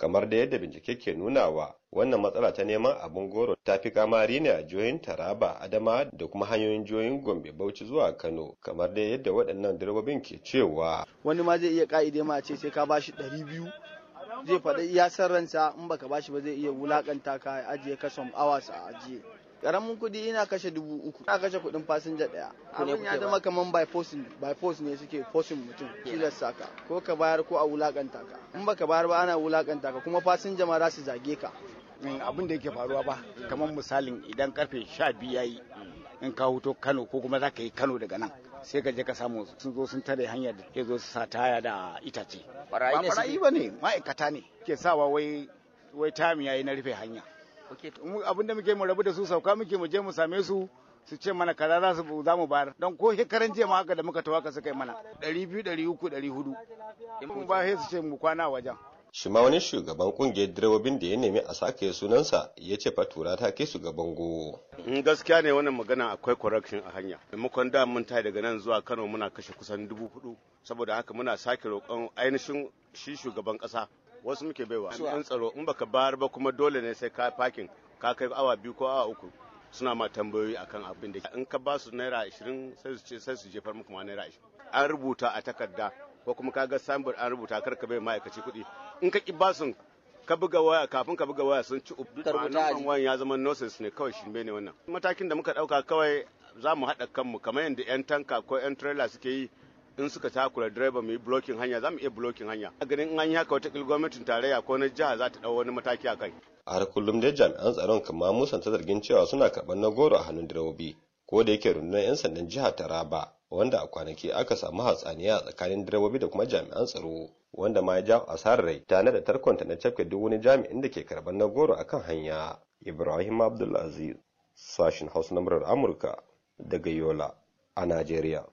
kamar da yadda bincike ke nunawa wannan matsala ta neman abin goro ta fi kamari ne a jihohin taraba adama da kuma hanyoyin jihohin gombe bauchi zuwa kano kamar da yadda waɗannan direbobin ke cewa wani ma zai iya ka'ide ma ce sai ka bashi ɗari biyu zai faɗi iya san ransa in baka bashi ba zai iya wulakanta ka ajiye kasan awas a ajiye karamin kudi ina kashe dubu uku ina kashe kudin fasinja daya abin ya zama kaman by force ne suke fosin mutum tilasta saka ko ka bayar ko a wulakanta ka in baka bayar ba ana wulakanta ka kuma fasinja ma za su zage ka mm, abin da yake faruwa ba kamar misalin idan karfe sha biyu yayi mm, in ka huto Kano ko kuma za ka yi Kano daga nan sai ka je ka samu sun zo sun tare hanyar da ke zo su sa taya da itace ba barayi ba ne ma'aikata ne ke sawa wai wai ya yi na rufe hanya abin da muke mu rabu da su sauka muke mu je mu same su su ce mana kaza za su za mu bayar don ko shekaran jiya ma haka da muka tawaka suka yi mana ɗari biyu ɗari in ba su ce mu kwana wajen. shi ma wani shugaban kungiyar direbobin da ya nemi a sake sunansa ya ce fatura ta kai su gaban go. in mm, gaskiya ne wannan magana akwai correction a hanya maimakon da mun ta daga nan zuwa kano muna kashe kusan dubu hudu saboda haka muna sake roƙon ainihin shi shugaban ƙasa wasu muke baiwa an tsaro in baka bayar ba kuma dole ne sai ka pakin ka kai awa biyu ko awa uku suna ma tambayoyi akan abin da in ka ba su naira ashirin sai su ce sai su jefar muku ma naira ashirin an rubuta a takarda ko kuma ka ga sambur an rubuta kar ka bai ma'aikaci kuɗi in ka ki basun ka buga waya kafin ka buga waya sun ci ubdun wani ya zama nonsense ne kawai shi ne wannan matakin da muka ɗauka kawai za mu haɗa kanmu kamar yadda 'yan tanka ko 'yan trailer suke yi in suka takura direba mu yi blocking hanya za mu iya blocking hanya a ganin in an yi haka wata gwamnatin tarayya ko na jiha za ta dau wani mataki a kai a har kullum dai jami'an tsaron kama musanta zargin cewa suna karɓar na goro a hannun direbobi ko da yake rundunar 'yan sandan jiha taraba wanda a kwanaki aka samu hatsaniya a tsakanin direbobi da kuma jami'an tsaro wanda ma ya jawo asarar rai tare da tarkonta na cafke duk wani jami'in da ke karɓar na goro kan hanya ibrahim abdulaziz sashen hausa na murar amurka daga yola a najeriya